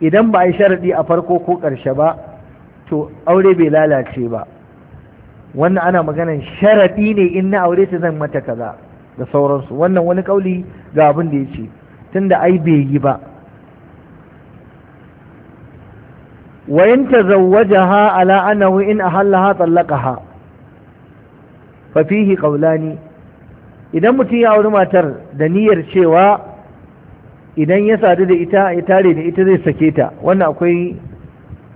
idan ba a yi sharaɗi a farko ko ƙarshe ba to aure bai lalace ba wannan ana maganan sharadi ne in na aure ta zan mata kaza da sauransu wannan wani kauli ga abin da ya ce tunda ai bai yi ba wayin tazawwajaha ala annahu in ahallaha tallaqaha fa fihi qawlani idan mutum ya auri matar da niyyar cewa idan ya sadu da ita ya tare da ita zai sake ta wannan akwai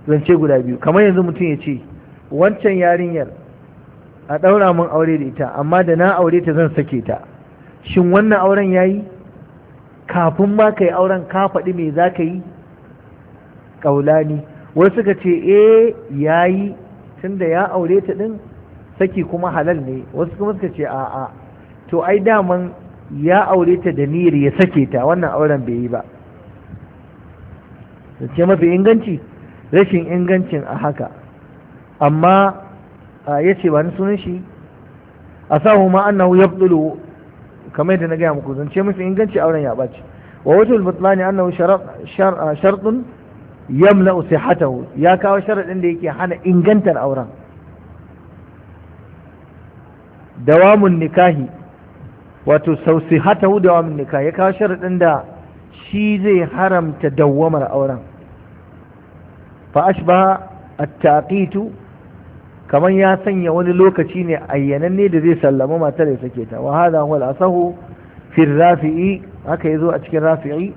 zance guda biyu kamar yanzu mutum ya ce wancan yarinyar a ɗaura mun aure da ita amma da na aure ta zan sake ta shin wannan auren yayi kafin ma ka yi auren ka faɗi me za ka yi ƙaulani wasu suka ce e ya yi tunda ya aure ta ɗin saki kuma halal ne wasu kuma suka ce a'a to ai daman ya aure ta da niyyar ya sake ta wannan auren bai yi ba ce mafi inganci rashin ingancin a haka amma ya ce ba ni sunan shi a sahu ma annahu yabdulu kamar yadda na gaya muku zance musu inganci auren ya ɓace. wa wajhul butlani annahu ah, shartun yamla sihhatahu ya kawo sharadin da yake hana ingantar auren dawamun nikahi wato sau sihhatahu dawamun nikahi ya kawo sharadin da shi zai haramta dawamar auren fa ashbaha at-taqitu kamar ya sanya wani lokaci ne ayyananne da zai sallama matar ya sake ta wa hada wal asahu fi rafi'i haka yazo a cikin rafi'i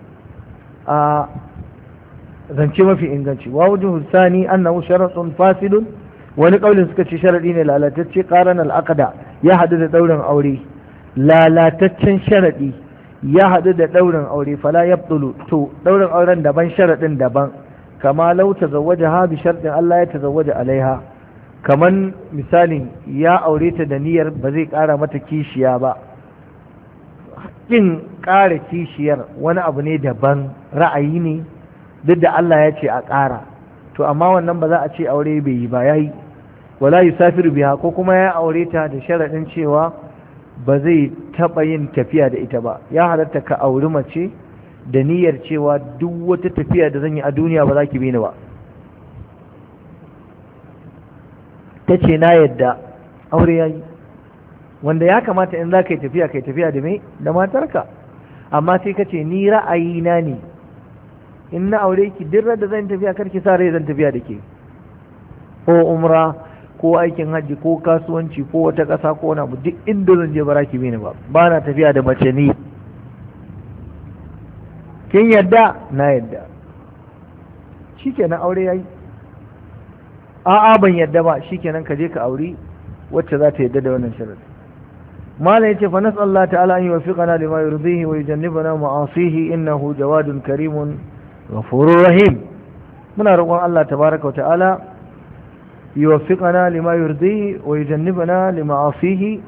a zance mafi inganci wa wajhu thani annahu sharatun Fasilun, wani kaulin suka ce sharadi ne lalatacce qaran al-aqda ya hadu da daurin aure lalataccen sharadi ya hadu da daurin aure fala yabdulu to daurin auren daban sharadin daban kama lau tazawwaja ha bi shartin Allah ya tazawwaja alaiha kaman misalin ya aure ta da niyyar ba zai ƙara mata kishiya ba haƙƙin ƙara kishiyar wani abu ne daban ra'ayi ne duk da Allah ya ce a ƙara to amma wannan ba za a ce aure bai yi ba ya yi wala yusafiru biha ko kuma ya aure ta da sharaɗin cewa ba zai taɓa yin tafiya da ita ba ya halarta ka auri mace da niyyar cewa duk wata tafiya da zan yi a duniya ba za ki bi ni ba ta ce na yadda aure ya yi wanda ya kamata in za ka yi tafiya ka yi tafiya da mai, da matarka amma sai ka ce ni ra'ayi na ne in na aure ki duk da zan tafiya kar ki sa rai zan tafiya da ke ko umra ko aikin hajji ko kasuwanci ko wata ƙasa ko wani abu duk inda zan je bara ki bini ba ba na tafiya da mace ni kin yadda na yadda shi na aure ya yi. a'a ban yadda ba shikenan ka je ka auri wacce za ta yadda da wannan sharadi malam yace fa nas Allah ta'ala an yuwaffiqana lima yurdihi wa yujannibana ma'asihi innahu jawadun karimun ghafurur rahim muna roƙon Allah tabaaraka wa ta'ala yuwaffiqana lima yurdihi wa yujannibana lima'asihi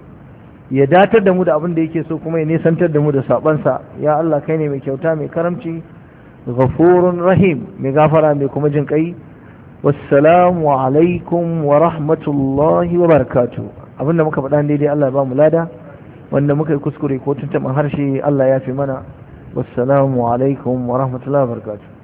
ya datar da mu da abin da yake so kuma ya nisantar da mu da sabansa ya Allah kai ne mai kyauta mai karamci ghafurur rahim mai gafara mai kuma jin kai wassalamu alaikum wa rahmatullahi wa abin da muka faɗa daidai Allah ba mu lada wanda muka yi kuskure ko tuntuɓin harshe Allah ya fi mana wassalamu alaikum wa rahmatullahi wa